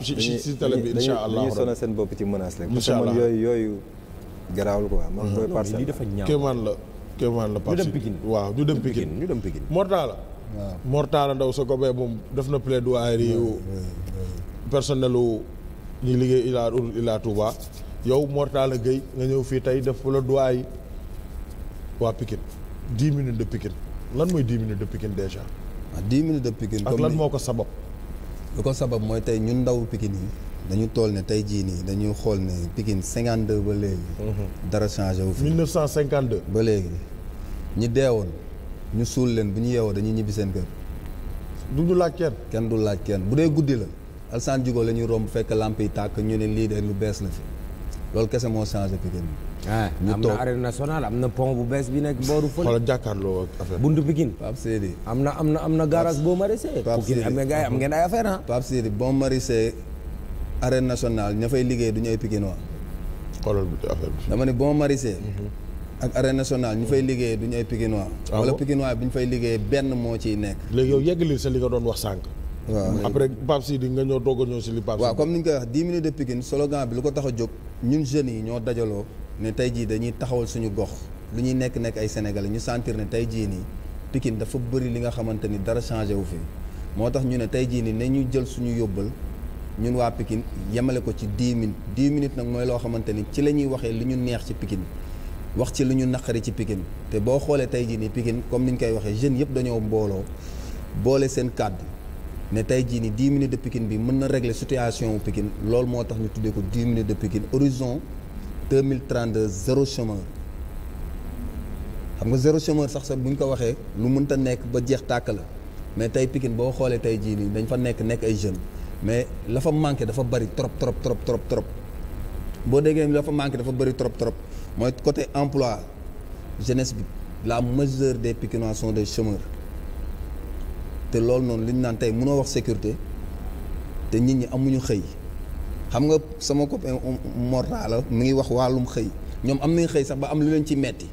ci ci bi incha allah dañuy seen bopp ci menace la. parce que man man ah, booy parcelle lii dafa la kéemaan la. parcelle waaw ñu dem Pikine ñu dem Pikine Mortala. waaw Mortala Ndaw sa gobe moom def na plaidoirie yu personnel wu ñi liggéey Ila Ila Touba yow Mortala Gueye nga ñëw fii tey def plaidoirie waa Pikine dix minutes de Pikine lan mooy dix minutes de Pikine déjà. ah dix minutes de Pikine. ak lan moo ko sabab. lu ko sabab mooy tey ñun ndaw Pikine yi dañu tool ne tey jii nii dañuy xool ne cinquante 52 ba léegi. Mhm. dara changé wu fi. 1952. ba léegi ñi deewoon ñu suul leen bu ñu yeewoo dañuy ñibbi seen kër. du ñu laaj kenn. kenn du laaj kenn bu dee guddi la Alsaan Jugo la ñuy romb fekk làmp yi tàkk ñu ne lii de lu bees la fi loolu kese moo changé Pikine. Ah, ñu toog am na arène nationale am na pont bu bees bi nekk booru fële. xoolal jàkkaarloo ak affaire buntu Pikine. Pape am na am na am na garage boo maraicher. Pape am nga am ngeen ay affaire ah. Pape Seydi bon maraicher arène fay liggéey du ñooy Pikinois. xoolal bi affaire bi. dama ne bon maraicher. Mhm. ak arène ñu fay liggéey du ñooy Pikinois. Ah wala Pikinois bi liggéey benn moo ciy nekk. léegi yow yeggali wax sànq. a ñëw si li Pape. waaw comme ni ñu koy minutes de Pikine slogan bi lu ko tax a jóg ñun jeunes yi ñoo dajaloo ne tey jii dañuy taxawal suñu gox lu ñuy nekk nekk ay sénégalais ñu sentir ne tey jii nii Pikine dafa bëri li nga xamante ni dara changé wu fi moo tax ñu ne tey jii nii ne ñu jël suñu yóbbal ñun waa Pikine yemale ko ci 10 minutes 10 minutes nag mooy loo xamante ni ci la ñuy waxee li ñu neex ci Pikine wax ci lu ñu naqari ci Pikine te boo xoolee tey jii nii Pikine comme ni ñu koy waxee jeunes yëpp dañoo mbooloo boole seen kàddu ne tey jii nii 10 minutes de Pikine bi mën na régler situation wu Pikine moo tax ñu tuddee ko 10 minutes de Pikine deux mille trente deux zéro chômeur xam nga zéro chômeur sax sax bu ñu ko waxee lu mënta nekk ba jeex tàkk la mais tey Pikine boo xoolee tey jii nii dañ fa nekk nekk ay jeunes mais la fa manqué dafa bëri trop trop trop trop trop boo déggee la fa manqué dafa bëri trop trop mooy côté emploi jeunesse bi la majeure des Pikinois sont des chômeurs te loolu noonu li ñu naan tey mënoo wax sécurité te nit ñi amuñu xëy. xam nga sama copain um, um, Morta la mi ngi wax wàllum xëy ñoom am nañ xëy sax ba am lu leen ci metti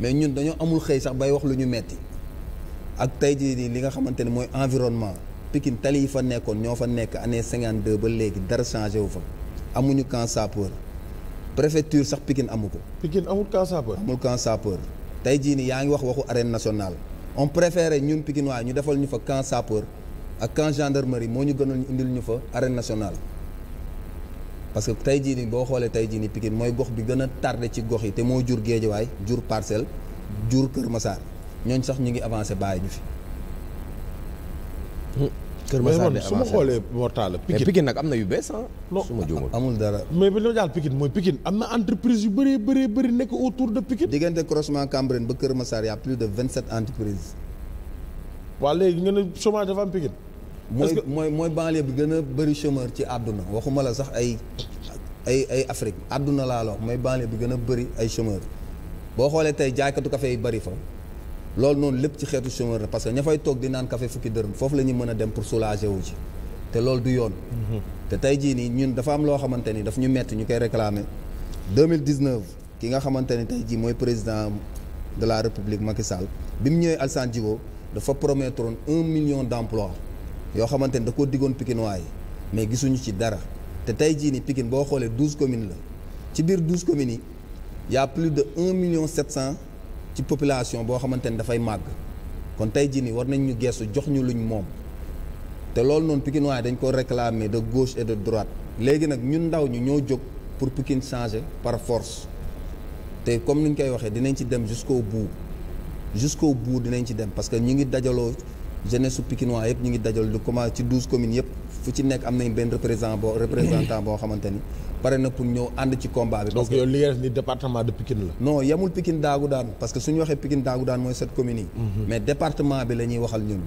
mais ñun dañoo amul xëy sax bay wax lu ñu metti ak tey jii nii li nga xamante ne mooy environnement Pikine tali yi fa nekkoon ñoo fa nekk année cinquante deux ba léegi dara changé wu fa amuñu camp sapeur préfecture sax Pikine amu ko. Pikine amul camp sapeur. amul camp sapeur tey jii nii yaa ngi wax waxu arène national on préféré ñun Pikine waaye ñu defal ñu fa camp sapeur ak camp gendarmerie moo ñu gënal ñu indil ñu fa arène nationale. parce que tey jii nii boo xoolee tey jii nii mooy gox bi gën a tardé ci gox yi te moo jur Géejawaay jur Parcelles jur Kër Massar ñooñ sax ñu ngi avancé bàyyi ñu fi. Kër Massar su ma xoolee Mortalla Pikine mais Pikine nag am na yu bees su ma juumul amul dara. mais bi li ma daal Pikine mooy Pikine am na entreprise yu bëree bëree bëri nekk autour de Pikine. diggante croisement Cambérène ba Kër Massar y' a plus de vingt sept entreprises. waa léegi nga ne chômage dafa am Pikine. mooy mooy mooy banlieue bi gën a bëri chômeur ci àdduna waxuma la sax ay ay ay Afrique àdduna laa la wax mooy banlieue bi gën a bëri ay chômeur boo xoolee tey jaaykatu kafe yi bari fa loolu noonu lépp ci xeetu chômeur la parce que ña fay toog di naan café fukki dërëm foofu la ñuy mën a dem pour soulager wu ci te loolu du yoon mm-hmm. te tey jii nii ñun dafa am loo xamante ni daf ñu metti ñu koy réclamer 2019 ki nga xamante ni jii mooy président de la république Macky bi mu ñëwee Alassane Djigo dafa promettre un million d' emplois yoo xamante ni da koo diggoon Pikinois yi mais gisuñu ci dara te tey jii ni Pikine boo xoolee douze communes la ci biir douze communes yi y' plus de un million sept cent ci population boo xamante ni dafay màgg kon tey jii ni war nañ ñu geesu jox ñu luñ moom te loolu noonu Pikinois yi dañ ko réclamer de gauche et de droite léegi nag ñun ndaw ñu ñoo jóg pour Pikine changer par force te comme ni ñu koy waxee dinañ ci dem jusqu'au bout jusqu'au bout dinañ ci dem parce que ñu ngi dajaloo jeunesse su Pikinois yëpp ñu ngi dajal lu commencé ci douze communes yëpp fu ci nekk am nañ benn représentant boo représentant boo xamante ni pare na pour ñëw ànd ci combat bi. parce que yow li nga ni département de Pikine la. non yamul Pikine daagu daan parce que ñu waxee Pikine daagu daan mooy sept communes yi. Mhm. mais département bi la waxal ñun.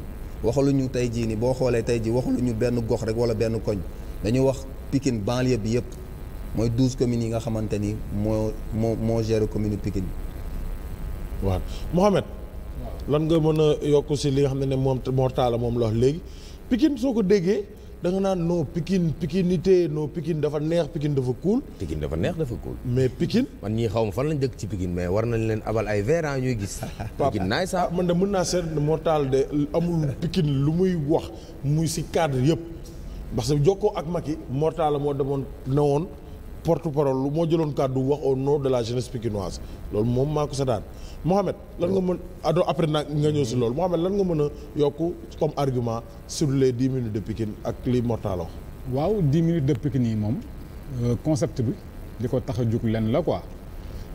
waxaluñu tey jii ni boo xoolee tey ji jii ñu benn gox rek wala benn koñ dañuy wax Pikine banlieue bi yëpp mooy douze communes yi nga xamante ni moo moo moo géré commune Pikine. waaw Mohamed. lan nga mën a yokk si li nga xam ne ne moom moo taala moom la wax léegi Pikine soo ko déggee da naan non Pikine Pikinité non Pikine dafa neex Pikine dafa kuul Pikine dafa neex dafa cool. mais Pikine. man ñii xaw ma fan lañ dëkk ci Pikine mais war nañ leen abal ay verre ah ñuy gis. Pikine naay ah. ah, sax man de mën naa seet moo de amul pikin lu muy wax muy si cadre yëpp parce que jokkoo ak Macky moo taala moo demoon ne woon porte-parole lu moo jëloon kàddu wax au nom de la jeunesse pikinoise loolu moom maa ko sa daan Mohamed lan nga mën ado après nag nga ñëw si loolu Mohamed lan nga mën a yokk comme argument sur les dix minutes de Pikine ak li Mortalla waaw dix minutes de Pikine yi moom euh, concept bi li ko tax a jóg lenn la quoi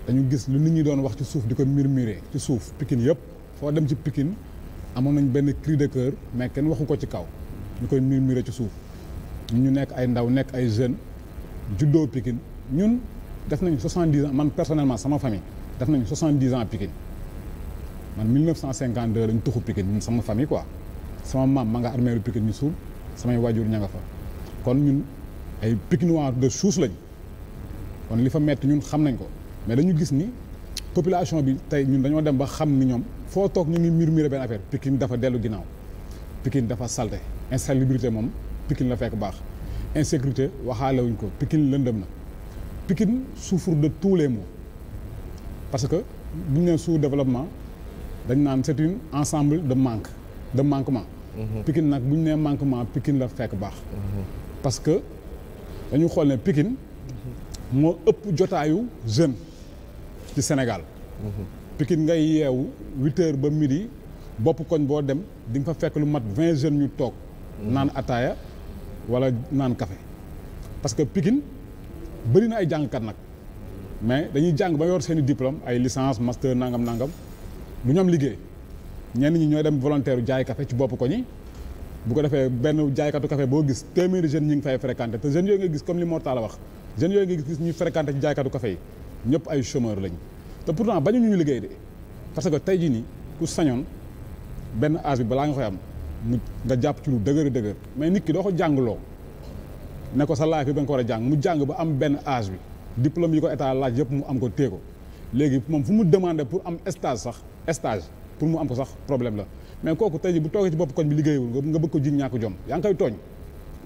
dañu gis lu nit ñi doon wax ci suuf di ko murmurer ci suuf Pikine yëpp foo dem ci Pikine amoon nañ benn cri de cœur mais kenn waxu ko ci kaw ñu koy murmurer ci suuf ñu nekk ay ndaw nekk ay jeunes juddoo Pikine ñun def nañu soixante-dix ans man personnellement sama famille def nañu soixante-dix ans Pikine man 1952 lañ tuxu Pikine ñun sama famille quoi sama maam ma nga armeeru Pikine ñu suul samay waajur ña nga fa kon ñun ay Pikinois de souche lañ kon li fa metti ñun xam nañ ko mais dañu gis ni population bi tey ñun dañoo dem ba xam ni ñoom foo toog ñu ngi murmuré benn affaire Pikine dafa dellu ginnaaw Pikine dafa salte insalubrité moom Pikine la fekk baax insécurité waxaale wuñ ko Pikine lëndëm na Pikine souffre de tous les maux parce que bu ñu nee sous-développement dañ naan c'est une ensemble de manque de manquement mhm. Pikine nag bu ñu nee manquement pikin la fekk baax mhm. parce que dañu xool ne Pikine moo ëpp jotaayu jeune ci Sénégal mhm. Pikine ngay yeewu huit ba midi bopp koñ boo dem di nga fa fekk lu mat vingt jeunes ñu toog naan ataaya wala naan kafe parce que Pikine bëri na ay jàngkat nag mais dañuy jàng ba yor seen i diplôme ay licence master nangam nangam du ñoom liggéey ñenn ñi ñooy dem volontaire jaay kafe ci bopp ko ñi bu ko defee benn jaaykatu café boo gis téeméeri jeunes ñi ngi fay fréquenté te jeunes yooyu nga gis comme li a wax jeunes yooyu nga gis ñuy fréquenté ci jaaykatu café yi ñëpp ay chômeur lañ te pourtant bañu ñu liggéey de parce que tey jii nii ku sañoon benn âge balaa nga koy am mu nga jàpp ci lu dëgër dëgër mais nit ki doo ko jàngloo ne ko sa laaj bi ba nga ko war a jàng mu jàng ba am benn âge bi diplôme yi ko état laaj yëpp mu am ko téye ko léegi moom fu mu demandé pour am stage sax stage pour mu am ko sax problème la mais kooku tey bu toogee ci bopp koñ bi liggéeyul nga bëgg ko jiñ ñàkk jom yaa ngi koy tooñ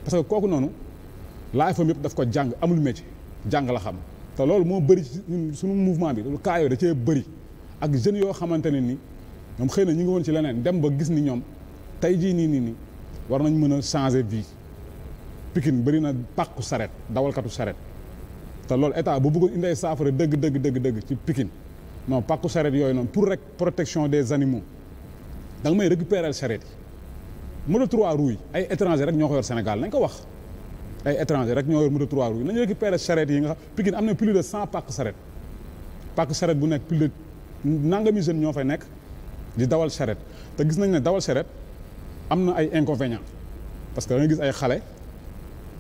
parce que kooku noonu laaj fam yëpp daf ko jàng amul métier jàng la xam te loolu moo bëri ci suñu mouvement bi cas yooyu da cee bëri ak jeunes yoo xamante ne ni ñoom xëy na ñu ngi woon ci leneen dem ba gis ni ñoom tey jii nii nii nii war nañ mën a changer vie Pikine bëri na pàqu saret dawalkatu saret te loolu état bu bugg indi ay saafara dëgg dëgg dëgg dëgg ci Pikine non pàqu saret yooyu noonu pour rek protection des animaux da nga may récupérer saret yi moto trois roues yi ay étranger rek ñoo ko yor Sénégal nañ ko wax ay étranger rek ñoo yor moto trois roues yi nañu récupérer saret yi nga xam Pikine am na plus de cent pàqu saret pàqu saret bu nekk plus nangami jeunes ñoo fay nekk di dawal saret te gis nañ ne dawal saret am na ay inconvénients parce que da gis ay xale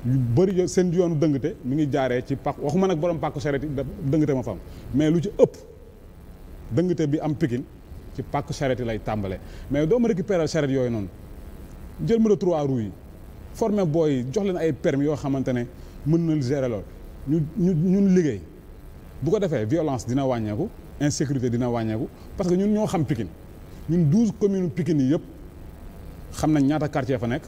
yu bëri seen yoonu dëngate mu ngi jaaree ci pàkk waxuma nag borom pàkku charrette dëngate ma fa am mais lu ci ëpp dëngate bi am Pikine ci pàkku charrette yi lay tàmbale mais doo ma récupérer charrette yooyu noonu jël ma de trois roues yi formé booy jox leen ay permis yoo xamante ne mën na gérer ñu ñu ñun liggéey bu ko defee violence dina wàññeeku insécurité dina wàññeeku parce que ñun ñoo xam Pikine ñun douze communes Pikine yi yëpp. xam nañ ñaata quartier fa nekk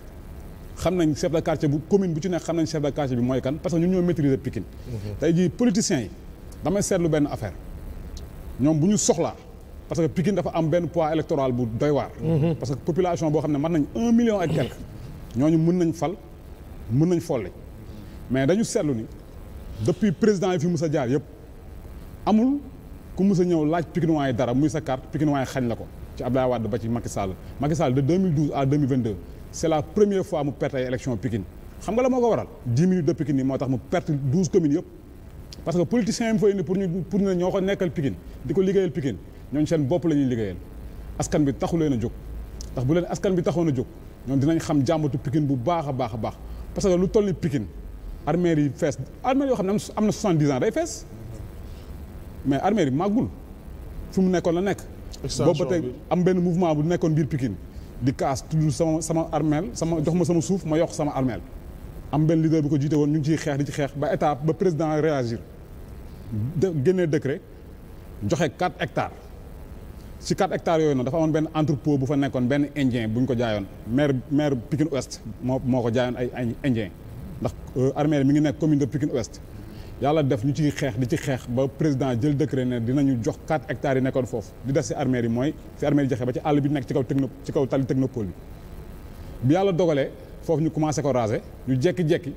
xam nañ chef de bu commune bu ci nekk xam nañ chef de quartier bi mooy kan parce que ñun ñoo maîtriser Pikine mhm. tey jii politiciens yi damay seetlu benn affaire ñoom bu ñu soxla parce que Pikine dafa am benn poids électoral bu doy waar mhm. parce que population boo xam ne mën nañ un million ak quelque ñooñu mën nañ fal mën nañ folli mais dañu seetlu ni depuis président yi fi mus a jaar yëpp amul ku mus a ñëw laaj Pikinois yi dara muy sa carte Pikinois yi xañ la ko ci Abdoulaye Wade ba ci Macky Sall Macky Sall de 2012 à 2022 c' est la première fois mu perte ay élection Pikine xam nga la moo ko waral 10 minutes de Pikine yi moo tax mu perte 12 communes yëpp parce que politiciens yi mu fa indi pour ñu pour ñu ñoo ko nekkal Pikine di ko liggéeyal Pikine ñooñu seen bopp la ñuy askan bi taxu leen a jóg ndax bu leen askan bi taxoon a jóg ñoom dinañ xam jàmbatu Pikine bu baax a baax a baax parce que lu toll ni Pikine armée yi fees armée yoo xam ne am na 70 ans day fees mais armée yi màggul fu mu nekkoon la nekk. boobu ba tey am benn mouvement bu nekkoon biir Pikine di kaas tudd sama sama armeel sama jox ma sama suuf ma yokk sama armeel am benn leader bu ko jiite woon ñu ngi ciy xeex di ci xeex ba état ba président réagir de génnee décret joxe 4 hectare si 4 hectares yooyu noonu dafa amoon benn entrepôt bu fa nekkoon benn indien buñ ñu ko jaayoon maire maire Pikine Ouest moo moo ko jaayoon ay ay indien ndax euh, armeel mi ngi nekk commune de Pikine Ouest yàlla def ñu ci xeex di ci xeex ba président jël décret ne dinañu jox 4 hectares yi nekkoon foofu di def si armée yi mooy si armée yi joxe ba ci àll bi nekk ci kaw techno ci kaw tali technopole bi. bi yàlla dogalee foofu ñu commencé ko raser ñu jekki-jekki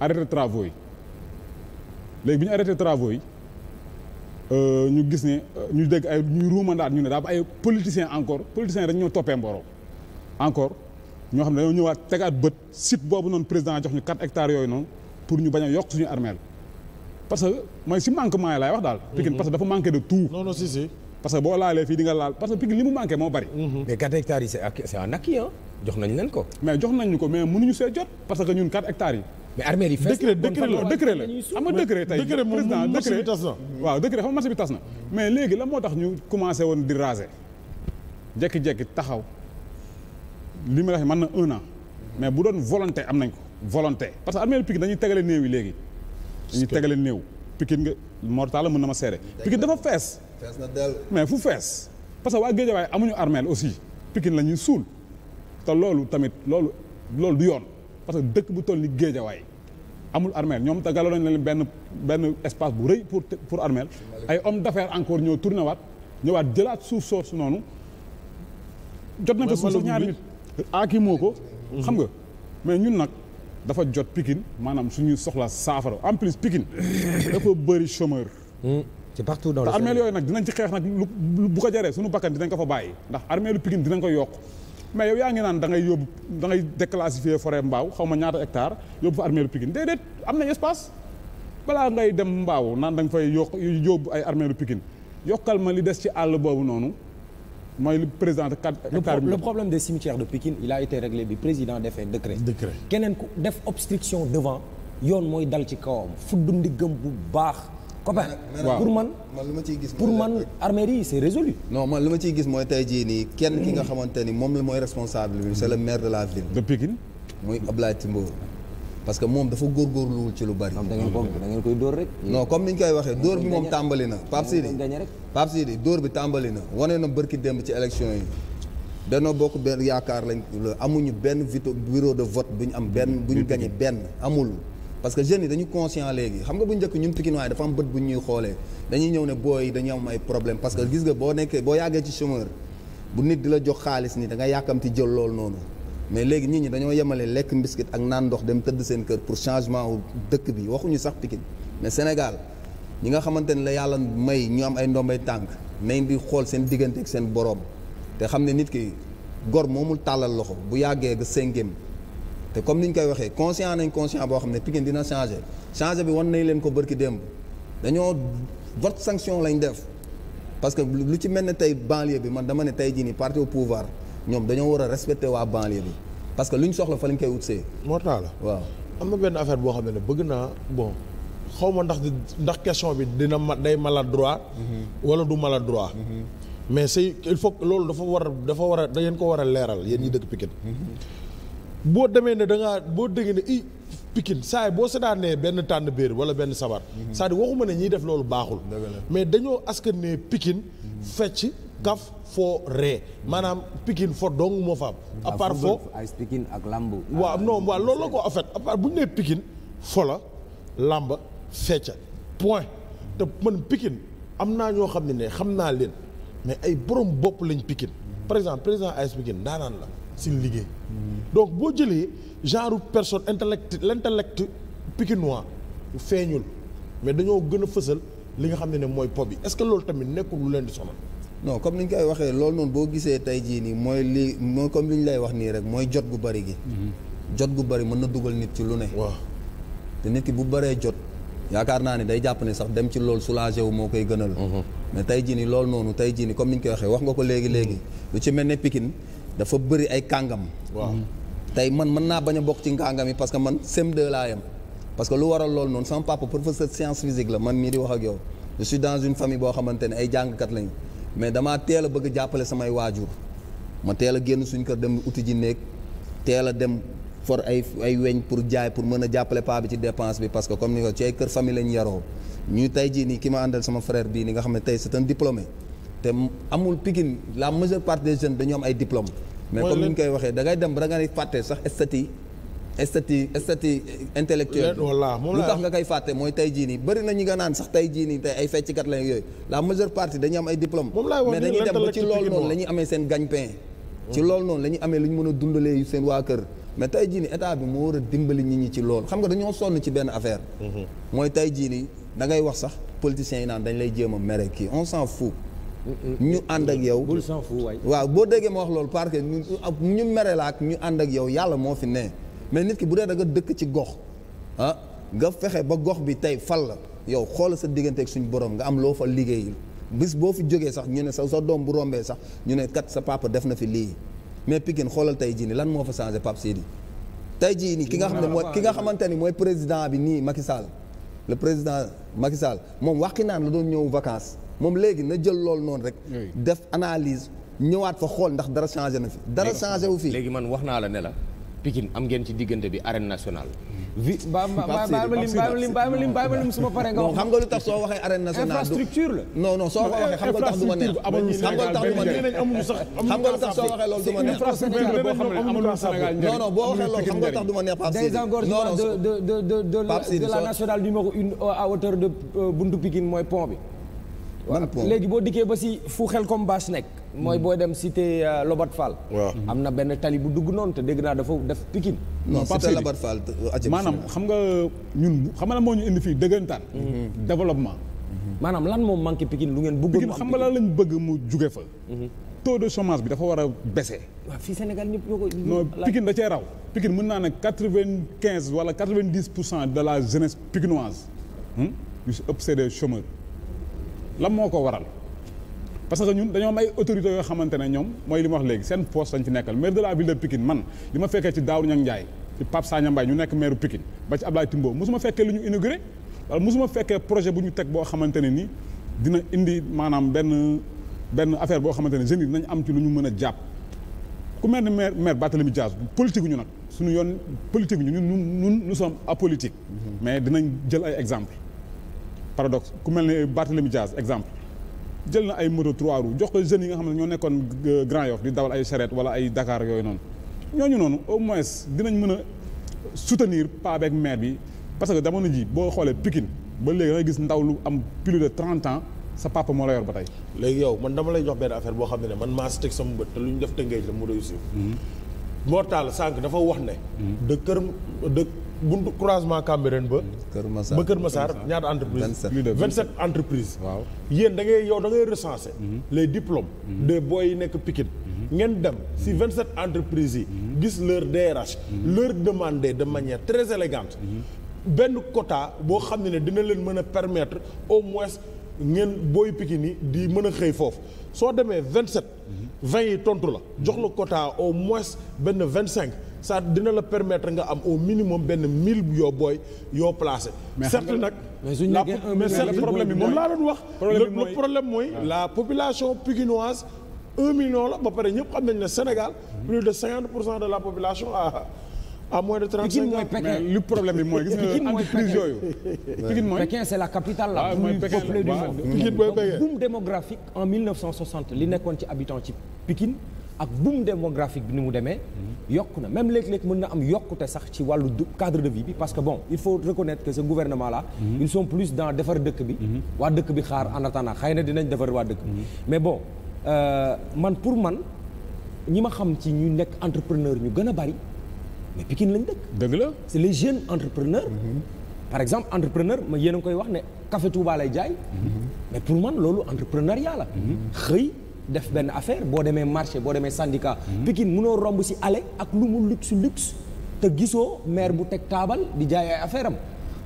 arrêté travaux yi léegi bi ñu arrêté travaux yi euh, ñu gis ne euh, ñu dégg ay ñu ruumandaat ñu ne daa ba ay politiciens encore politiciens dañu ñoo toppee mboroo encore ñoo xam ne dañoo ñëwaat tegaat bët site boobu noonu président jox ñu 4 hectares yooyu noonu pour ñu bañ a yokk suñu armée parce que mooy si manquement yi laay wax daal. Pikine mhm. parce que dafa manqué de tout. parce que boo laalee fii di laal parce que Pikine li mu manqué moo bari. Mhm. mais 4 hectares yi c'est un acquis hein jox nañ leen ko. mais jox nañ ñu ko mais mënuñu see jot parce que ñun 4 hectares yi. mais armée na décret tey na. waaw décret xam léegi la moo tax ñu commencé woon di raser jékki-jékki taxaw li mu la wax mën na un mais bu doon volonté am nañ ko volonté parce que armée Pikine dañuy tegale néew yi léegi dañuy tegale néew. pikin nga la mën na ma seere. Pikine dafa fees. fees na mais fu fees. parce que waa Géejawaay amuñu armeel aussi pikin la ñuy suul te loolu tamit loolu loolu du yoon parce que dëkk bu toll ni Géejawaay amul armeel ñoom te galoon nañ benn benn espace bu rëy pour pour armeel ay hommes d'affaires encore ñoo tourné waat ñëwaat jëlaat suuf soosu noonu. jot nañ ko suuf ñaari nit ko. Mm-hmm. xam nga mais ñun nag. dafa jot pikin maanaam suñuy soxla saafara en plus pikin dafa bëri chômeur. Hmm, ci partout dans le te armeel yooyu nag dinañ ci xeex nag lu bu ko jaree suñu bakkan dinañ ko fa bàyyi ndax armeelu Pikine dinañ ko yokk mais yow yaa ngi naan dangay ngay yóbbu da ngay déclassifier forêt mbaaw xaw ma ñaata hectare yóbbu fa armeelu Pikine déedéet am nañ espace balaa ngay dem mbaaw naan da nga fay yokk yóbbu ay armeelu Pikine yokkal ma li des ci àll boobu noonu mooy lu président quatre hectares le problème des cimetières de Pikine il a été réglé bi président defee décret décret keneen ku def obstruction devant yoon mooy dal ci kawam fudd ndiggam bu baax copain pour man man li ma ciy gis pour man arméry yi c'est résolu non man li ma ciy gis mooy tey jii nii kenn ki nga xamante ni moom la mooy responsable bi c'est le maire de la ville de Pikine muy Ablaye Timbo parce que moom dafa góorgóorluwul ci lu bari. da ngeen ko da koy dóor rek. non comme ni ñu koy waxee dóor bi moom tàmbali na. Pape Sidi Pape Sidi dóor bi tàmbali na. wane na bërki démb ci élection yi danoo bokk benn yaakaar lañ amuñu benn vito bureau de vote bu ñu am benn bu ñu gañe benn amul. parce que jeunes yi dañu conscient léegi xam nga bu njëkk ñun Pikinois dafa am bët bu ñuy xoolee dañuy ñëw ne booy dañu am ay problème parce que gis nga boo nekkee boo yàggee ci chômeur bu nit di la jox xaalis ni da nga yàkkamti jël loolu noonu mais léegi nit ñi dañoo yemale lekk mbiskit ak naan ndox dem tëdd seen kër pour changement wu dëkk bi waxuñu sax Pikine mais Sénégal ñi nga xamante ne la yàlla may ñu am ay ndombay tànk nañ di xool seen diggante ak seen boroom te xam ne nit ki gor moomul tàllal loxo bu yàggee ga séngéem te comme ni ñu koy waxee conscient nañ conscient boo xam ne Pikine dina changé changé bi wan nañ leen ko bërki démb dañoo vote sanction lañ def parce que lu ci mel ne tey banlieue bi man dama ne tey jii parti au ñoom dañoo war a respecter waa banlieue bi parce que lu ñu soxla fa lañ koy wutsee. moo tax la waaw am na benn affaire boo xam ne bëgg naa boo xaw ma ndax ndax question bi dina ma day maladroit. Mhm. wala du maladroit. Mhm. mais c'est il faut loolu dafa war a dafa war a da ngeen ko war a leeral yéen ñi dëkk Pikine. Mhm. boo demee ne da boo déggee ne i Pikine saa boo seetaanee benn tànn biir wala benn sabar. c'est-à-dire waxuma ne ñiy def loolu baaxul. mais dañoo askan ne Pikine fecc. kaf foo ree maanaam Pikine fo dong moo fa am. à part fo ak lamb. waaw ah, non waaw loolu la ko en fait à bu ñu nee Pikine fo la lamba fecca point te man Pikine am naa ñoo xam ne ne xam naa leen mais ay borom bopp lañ Pikine par exemple président AS Pikine daanaan la si liggéey. donc boo jëlee genre personne intellect l'intellect pikinois feeñul mais dañoo gën a fësal li nga xam ne ne mooy po bi est-ce que loolu tamit nekkul lu leen di somal non comme ni ñu koy waxee loolu noonu boo gisee tey jii nii mooy li mooy comme li ñu lay wax nii rek mooy jot gu bari gi. Mhm. jot gu bari mën na dugal nit ci lu ne. waaw te nit ki bu baree jot. yaakaar naa ne day jàpp ne sax dem ci lool soulagé wu moo koy gënal. Mhm. mais tey jii nii loolu noonu tey jii nii comme ni ñu koy waxee wax nga ko léegi léegi. lu ci mel ne Pikine dafa bëri ay kàngam. waaw mhm. tey man mën naa bañ a bokk ci kàngam yi parce que man CM2 laa parce que lu waral loolu noonu sama papa professeur science physique man mii di wax ak yow je suis dans une famille ne ay jàngkat lañu. mais damaa teel a bëgg jàppale samay waajur ma teel a génn suñ kër dem uti ji néeg teel a dem for ay weñ pour jaay pour mën a jàppale pa bi ci dépense bi parce que comme ni ko ci ay kër famille lañ yaroo ñu tey ji nii ki ma àndal sama frère bii ni nga xam ne tey c'est un diplômé te amul Pikine la majeure partie des jeunes dañu am ay diplôme mais comme ni ñu koy waxee dangay dem ba da nga fàtte sax statut esthétique esthétique intellectuelle walla moom lu tax nga koy fàtte mooy tey jii ñi nga naan sax tey tey ay fecckat lañ yooyu la majeure partie dañuy am ay diplôme mais dañuy dem ba ci loolu noonu la ñuy amee seen gagne a dundalee yu seen waa kër mais tey jii bi moo war a dimbali nit ñi ci loolu xam nga dañoo sonn ci benn affaire mhm. mooy tey jii da ngay wax sax politiciens yi naan dañ lay jéem a mere kii on s'en fout mhm. ñu ànd ak yow bul s'en fout waay waaw boo déggee ma wax loolu parce ñu mere la ne mais nit ki bu dee danga dëkk ci gox ah nga fexe ba gox bi tey fal la yow xoolal sa diggante ak suñu borom nga am loo fa liggéey bis boo fi jógee sax ñu ne sa sa doom bu rombee sax ñu ne kat sa papa def na fi lii mais Pikine xoolal tey jii nii lan moo fa changé Pape Sidi tey jii nii ki nga xam ne mooy ki nga xamante ni mooy président bi nii Macky Sall président Macky moom wax ki naan la doon ñëw vacances moom léegi na jël loolu noonu rek. def analyse ñëwaat fa xool ndax dara changé na dara changé wu léegi man wax naa la ne la. Pikine am ngeen ci diggante bi arène nationale. vi ma ba ma lim ba ma lim ba ma lim ba ma lim su ma paree nga wax. xam nga lu tax soo waxee arène nationale. infrastructure la boo waxee loolu xam nga lu tax du neex Pape de la nationale numéro une euh, à de euh, buntu Pikine mooy pont bi. léegi boo dikkee ba si fu xel comme bâche nekk mooy boo dem cité euh, Lobat Fall am na benn tali bu dugg noonu te dégg naa dafa def Pikine euh, maanaam xam nga ñun xam nga moo ñu indi fii dëggantaan mhm. développement mhm. maanaam lan moom manqué Pikine lu ngeen bëgg Pikine xam nga lan leen bëgg mu juge fa mhm. taux de chômage bi dafa war a bese waaw fii Sénégal ñëpp ñoo ko non Pikine da cee raw Pikine mën naa ne quatre vingt quinze wala quatre vingt dix pour cent de la jeunesse pikinoise yu hmm, si ëpp c'est des lan moo ko waral parce que ñun dañoo am ay autorités yoo xamante ne ñoom mooy li ma wax léegi seen poste lañ ci nekkal maire de la ville de Pikine man li ma fekkee ci Daouda Niang Ndiaye ci Pape Sagna Mbaye ñu nekk maire Pikine ba ci Abdoulaye Timbo mosuma fekkee lu ñu inauguré wala mosuma fekkee projet bu ñu teg boo xamante ne ni dina indi maanaam benn benn affaire boo xamante ne jeunes yi am ci lu ñu mën a jàpp ku mel ni maire maire Barthélémy Dias politique ñu nag suñu yoon politique ñu ñun ñun nous sommes apolitique mm-hmm. mais dinañ jël ay exemple paradoxe ku mel ne Barthélemy Diaz exemple jël na ay moto trois roues jox ko jeunes yi nga xam ne ñoo nekkoon euh, Grand Yoff di dawal ay charrette wala ay dakaar yooyu noonu ñooñu noonu au moins dinañ mën a soutenir paa beeg maire bi parce que dama na ji boo xoolee Pikine ba léegi da gis ndaw lu am plus de trente ans sa papa moo la yor ba tey. léegi yow man dama lay jox benn affaire boo xam ne man maa si teg sama bët te lu ñu def tëngeej la mu réussir. Mhm. Mor Tall sànq dafa wax ne. Mhm. de kër de. buntu croisement Cambérène ba. Kër Massar ba Kër Massar ñaata entreprise 27 27 entreprises. waaw yéen da ngay yow da ngay recenser. Mhm. les diplômes. Mhm. des boy nekk Pikine. Mhm. ngeen dem si vingt 27 entreprises yi. gis leur DRH. leur demander de manière très élégante. benn quota boo xam ne dina leen mën a permettre au moins ngeen booy Pikine yi di mën a xëy foofu soo demee 27. 20 yi tontu la jox la quota au moins benn 25. ça dina la permettre nga am au minimum benn mille yoo booy yoo placé. certes nag. mais suñu mais certes problème bi moom laa doon wax. le problème mooy la population pikinoise un million la ba pare ñëpp xam nañ ne Sénégal. plus de cinquante pour cent de la population a à moins de trente cinq ans mais mooy gis mooy Pékin c'est la capitale la plus peuplée du monde. booy Pékin donc en li nekkoon ci habitants ci Pikine. ak boom démographique bi ni mu demee yokk na même léeg-léeg mën na am yokkute sax ci wàllu cadre de vie bi parce que bon il faut reconnaître que ce gouvernement là mhm. ils sont plus dans defar dëkk bi mhm. waa dëkk bi xaar en attendant xëy na dinañ defar waa dëkk bi mhm. mais bon euh, man pour man ñi ma xam ci ñu nekk entrepreneur ñu gën a bari mais Pikine lañ dëkk dëgg la c'est les jeunes entrepreneurs par exemple entrepreneur ma yéen a ngi koy wax ne café Touba lay jaay pour man loolu entrepreneuriat la xëy def benn affaire boo demee marché boo demee syndicat. Pikine mënoo romb si ale ak lu mu luxe luxe. te gisoo maire bu teg taabal di jaay ay affaire am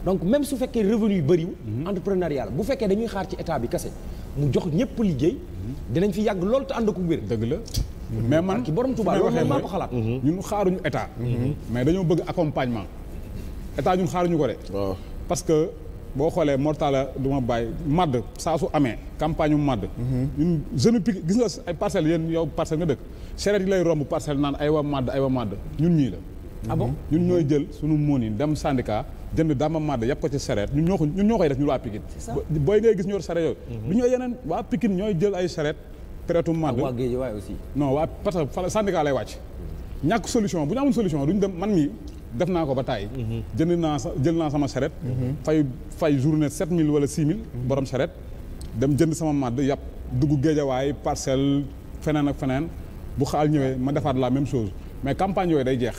donc même su fekkee revenu yu bëriwul. Mhm. entrepreneuriat bu fekkee dañuy xaar ci état bi kese mu jox ñëpp liggéey. Mhm. dinañ fi yàgg lool te ànd ko wér. dëgg la mais man ki borom Tuubaa loolu maa ko xalaat. Mhm. ñun xaaruñu état. mais dañoo bëgg accompagnement état ñun xaaruñu ko de. parce boo xoolee Mortala du ma bàyyi màdd saa su amee campagne mu madd. ñun jeune Pikine gis nga ay parcelles yéen yow parcelle nga dëkk. charrette yi lay romb parcelle naan ay wa madd ay wa madd ñun ñii la. ah ñun ñooy jël suñu moon yi dem syndicat jënd daama madd yàpp ko ci charrette ñun ñoo ko ñun ñoo koy def ñu waa Pikine. booy ngay gis ñu yor charrette yooyu. Mhm. ñoo yeneen waa Pikine ñooy jël ay charrette. période madd waa aussi. non waa parce que syndicat lay wàcc. ñàkk solution bu ñu amoon solution duñ dem man mii. def naa ko ba tàyyi mhm. jënd naa sa jël naa sama charrette mhm. fay fay journée sept mille wala six mille mhm. borom charrette dem jënd sama màdd yàpp dugg géejawaay parcelle feneen ak feneen bu xaal ñëwee ma defaat la même chose mais campagne yooyu day jeex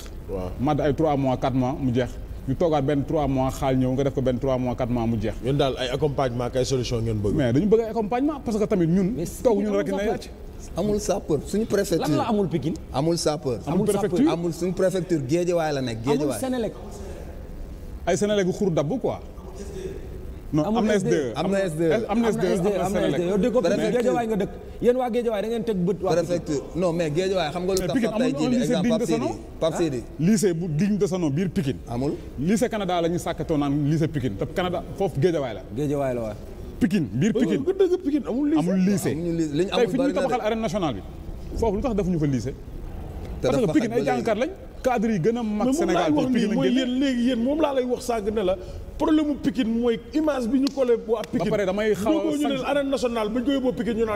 màdd ay trois mois quatre mois mu jeex ñu toogaat benn trois mois xaal ñëw nga def ko benn trois mois quatre mois mu jeex. yéen daal ay accompagnement ak ay solution ngeen bëgg. que tamit ñun. amul sapeur suñu préfecture lan la amul Pikine. amul sapeur amul préfecture amul suñu préfecture Géejawaay la nekk Géejawaay. amul Sénélec. ay Sénélec gu xur dabb quoi. non am na SDE am na SDE am na SDE am na SDE yow déggoo Géejawaay nga dëkk yéen waa Géejawaay da ngeen teg bët. waa préfecture non mais Géejawaay xam nga lu tax Pape Seydi exemple Pape ah. Seydi Pape Seydi lycée bu digne de son nom biir Pikine amul lycée Canada la ñu sàkkatoo naan lycée Pikine te Canada foofu Géejawaay la Géejawaay la waaw pikin biir Pikine Pikine amul lycée amul lycée tey fi ñu tabaxal arène nationale bi foofu lu tax defuñu fa lycée a mag Sénégal bi Pikine mooy yéen léegi yéen moom laa lay wax la problème mu Pikine bi ñu collé a ñu ne arène nationale ba ko yóbboo Pikine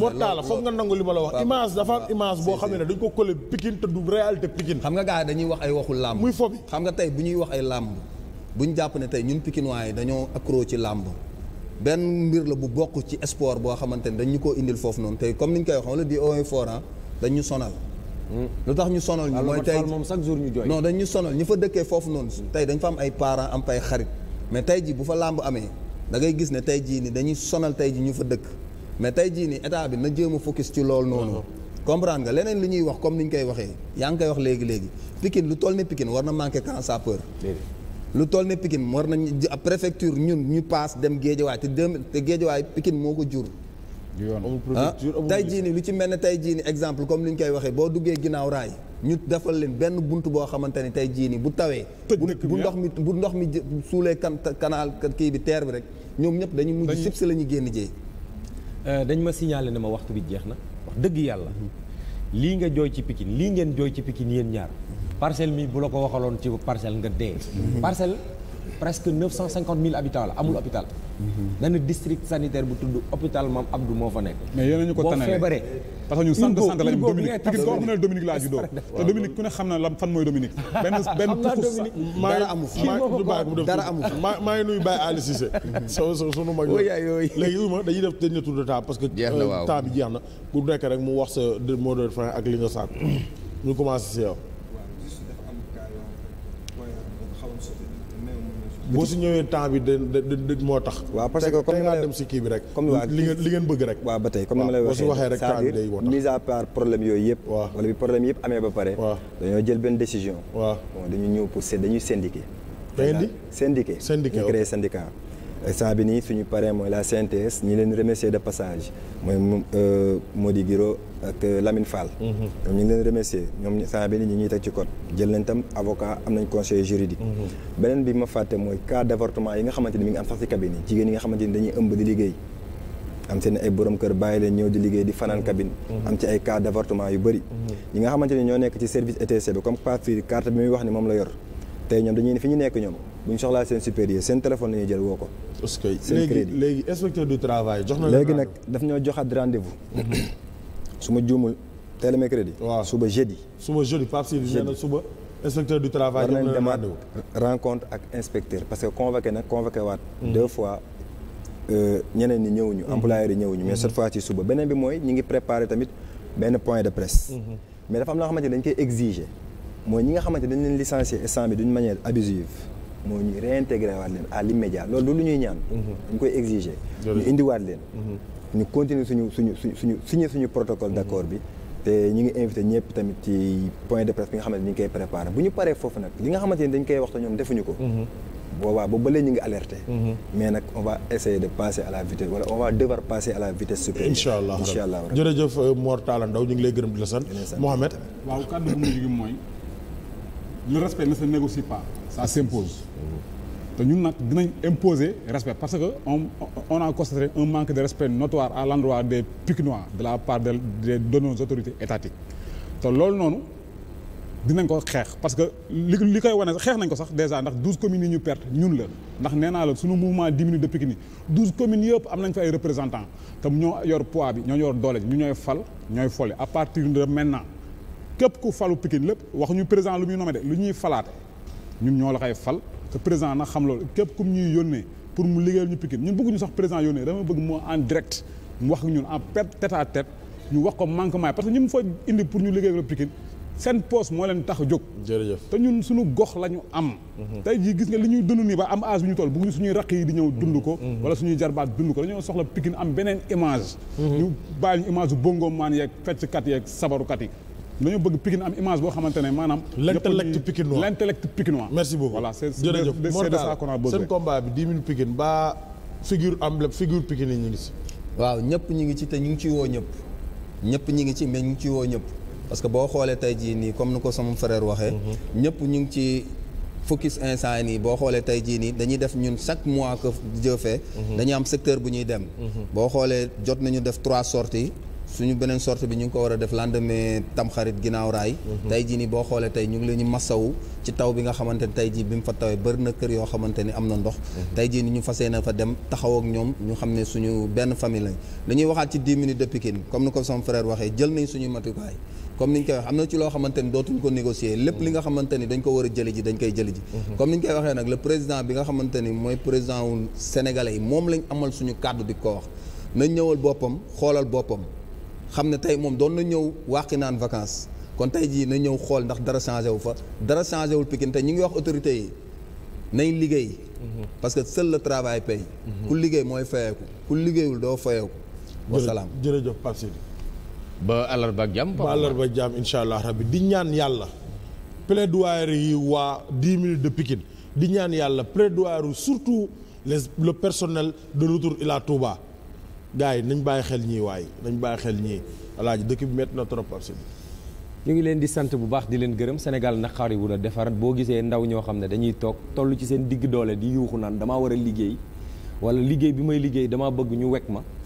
moo taala foog nga nangu li ma la wax ne dañ ko collé Pikine te du réalité Pikine xam nga gars dañuy wax ay waxul làmb muy fobi xam nga tey bu ñuy wax ay làmb bu ñu jàpp ne tey ñun pikinois yi dañoo accro ci làmb benn mbir la bu bokk ci sport boo xamante ne dañ ñu koo indil foofu noonu tey comme ni ñu koy waxoon la di oe foran ah, dañ ñu sonal tax ñu sonal ñu mooy moom chaque jour ñu jooy non sonal ñu fa dëkkee foofu noonu tey dañ am ay parents am ay xarit mais tey ji bu fa làmb amee da gis ne tey jii ni dañuy sonal tey ji ñu fa dëkk mais tey jii ni état bi na jéem a ci loolu noonu comprendre leneen li ñuy wax comme ni ñu koy waxee yaa ngi koy wax léegi-léegi Pikine lu toll ne Pikine war na manqué Camp Sapeur lu toll ne Pikine war nañ préfecture ñun ñu paas dem Géejawaay te dem te Géejawaay Pikine moo ko jur. Ah, tey jii nii lu ci mel ne tey jiini exemple comme ni ñu koy waxee boo duggee ginnaaw raay ñu defal leen benn bunt boo xamante ni tey jii nii bu tawee. bu ah. ndox mi bu ndox mi suulee kan canal kii bi teer bi rek ñoom ñëpp dañu mujj sib si la ñuy génn jee. Euh, dañ ma signalé ne ma waxtu bi jeex na wax dëgg yàlla mhm. lii nga jooy ci Pikine lii ngeen jooy ci Pikine yéen ñaar parcelle mi bu la ko waxaloon ci parcelle nga dee. parcelle presque neuf la amul hôpital. Mhm. benn district sanitaire bu tudd hôpital Mame Abdou moo fa nekk. boo feebaree. parce que ñun sant sant lañu Dominique kii koo xam te Dominique ku ne xam na la fan mooy Dominique. benn benn tuxu dara amu fi dara amu fi maa maa ngi nuyu Baye Ali Cissé. soo soo sunu mag yooyu léegi ma dañuy def dañuy tour de table parce que. jeex na euh, waaw jeex na. bu nekk rek mu wax sa mot de fin ak li nga sàkk boo si ñëwee temps bi de de moo tax. waa parce que comme naa dem si kii bi rek. comme li ngeen li ngeen bëgg rek. waaw ba tey comme ni ma lay waxee c'est-à-dire mise à part problème yooyu yëpp. waaw wala bi problème yëpp amee ba pare. waaw dañoo jël benn décision. waaw bon dañu ñëw pour dañuy syndiquer. dañuy syndiqué syndiqué ñu créé syndicat. instant bi nii suñu parrain mooy la CNTS ñi leen remercier de passage mooy euh, Modi Guiro ak euh, Lamine Fall. Mm-hmm. ñoom ñu leen remercier ñoom instant bi nii ñu teg ci code jël nañ tam avocat am nañ conseiller juridique. Mm-hmm. beneen bi ma fàtte mooy cas d'avortement yi nga xamante ni mi ngi am sax ci cabine jigéen yi nga xamante ni dañuy ëmb di liggéey. am seen ay borom kër bàyyi leen ñëw di liggéey di fanaan mm-hmm. cabine. am ci ay cas d'avortement yu bëri. ñi nga xamante ni ñoo nekk ci service ETC bi comme partie carte bi ñu nekk ñoom bu ñu soxlaa seen seen téléphone la ñuy ko léegi léegi inspecteur du travail jox na léegi nag daf ñoo joxaat rendez-vous. Mhm. su ma juumul teel a mercredi. waaw suba jeudi. suba jeudi Pape Sidi nee suba. inspecteur du travail war nañ demaat rencontre ak inspecteur parce que convoqué nag convoqué waat. Mhm. deux fois euh, ñeneen ñi ñëwuñu. Mhm. employeurs yi ñëwuñu mais cette fois ci suba beneen bi mooy ñu ngi préparé tamit benn point de presse. mais dafa am loo xamante ne dañ koy exiger mooy ñi nga xamante dañ leen licencier instant bi d'une manière abusive. moo ñuy réintégré waat leen à l'immédiat loolu lu ñuy ñaan. Mhm. dañ koy exiger. ñu indiwaat leen. Mhm. ñu continuer suñu suñu suñu suñu signer suñu protocole d'accord mhm. bi. te ñu ngi invité ñëpp tamit ci point de presse bi nga xamante ni ñu ngi koy préparé bu ñu paree foofu nag li nga xamante ni dañ koy wax te ñoom defuñu ko. boobaa boobu ba ñu ngi alerté. mais nag on va essayer de passer à la vitesse wala on va devoir passer à la vitesse supérieure. incha allah incha allah jërëjëf euh, te ñun nag dinañ imposer respect parce que on on a constaté un manque de respect notoire à l'endroit des Pikinois de la part de de, de nos autorités étatiques te loolu noonu dinañ ko xeex parce que li li koy wane xeex nañ ko sax à ndax douze communes yi ñu perte ñun la ndax nee la suñu mouvement dix minutes de Pikine douze communes yëpp am nañ fa ay représentants te ñoo yor poids bi ñoo yor doole ñu ñooy fal ñooy fole à partir de maintenant képp ku falu Pikine lépp waxuñu président lu muy nommé de lu ñuy falaate ñun ñoo la koy fal. te président nag xam loolu képp kum ñuy yónnee pour mu liggéeyal ñu Pikine ñun bëgguñu sax président yónnee dama bëgg moo en direct mu wax ñun en perte ñu wax ko manquement parce que ñun fa indi pour ñu liggéeyal Pikine seen poste moo leen tax a jóg. jërëjëf te ñun suñu gox la ñu am. Mhm. tey jii gis nga li ñuy dund nii ba am âge bi ñu toll bëgguñu suñuy raq yi di ñëw dund ko. Mhm. wala suñuy jarbaat dund ko dañoo soxla Pikine am beneen image. Mhm. ñu bàyyi image bu bongo maan yeeg fecckat yeeg sabarukat yi. dañoo bëgg Pikine am image boo xamante ne maanaam. l'intellect pikinois l'intellect pikinois. merci beaucoup voilà c'est c'est bi 10 000 Pikine ba figure emblème figure Pikine yi ñu ngi ci waaw ñëpp ñu ngi ci te ñu ngi ciy ñu ngi ci mais ñu ngi ciy ñëpp parce que boo xoolee tey jii nii comme ni ko mhm. ñëpp ñu ngi ci focus instant nii boo xoolee tey jii nii dañuy def ñun chaque mois que jëfee. Mhm. dañuy am secteur bu ñuy dem. Mhm. boo xoolee jot nañu def trois sorties suñu beneen sorte bi ñu ngi ko war a def lendemain tamxarit ginnaaw raay mhm. tey jii nii boo xoolee tey ñu ngi leen ñu masawu ci taw bi nga xamante ne tey jii bi mu fa tawee bëri na kër yoo xamante ni am na ndox mhm. tey jii ñu fasee na fa dem taxaw ak ñoom ñu xam ne suñu benn famille lañ li ñuy waxaat ci 10 minutes de Pikine comme ni ko sama frère waxee jël nañ suñu matukaay comme ni ñu koy wax am na ci loo xamante ni dootuñ ko négocier mhm. lépp li nga xamante ni dañ ko war a jëli ji dañ koy jëli ji comme ni ñu koy waxee mooy président wu sénégalais yi moom lañ amal suñu kàddu di ko wax nañ ñëwal xoolal boppam xam ne tey moom doon na ñëw wàqi naan vacances kon tey jii na ñëw xool ndax dara changé wu fa dara changé wul Pikine te ñu ngi wax autorité yi nañ liggéey mhm. parce que seul le travail paye mhm. ku liggéey mooy fayeeku ku liggéeyul doo fayeeku wasalaam jërëjëf Pape Sidi ba àllarba ak jàmm ba àllarba ak jàmm incha allah rabbi di ñaan yàlla plaidoirie yi waa dix minutes de Pikine di ñaan yàlla plaidoirie surtout les le personnel de retour la Touba gars yi nañ bàyyi xel ñii waaye nañ bàyyi xel ñii alaaji dëkk bi métti na trop absi ñu ngi leen di sant bu baax di leen gërëm Sénégal na xari wu la defar boo gisee ndaw ñoo xam ne dañuy toog tollu ci seen digg doole di yuuxu naan damaa war a liggéey wala liggéey bi may liggéey damaa bëgg ñu wekk ma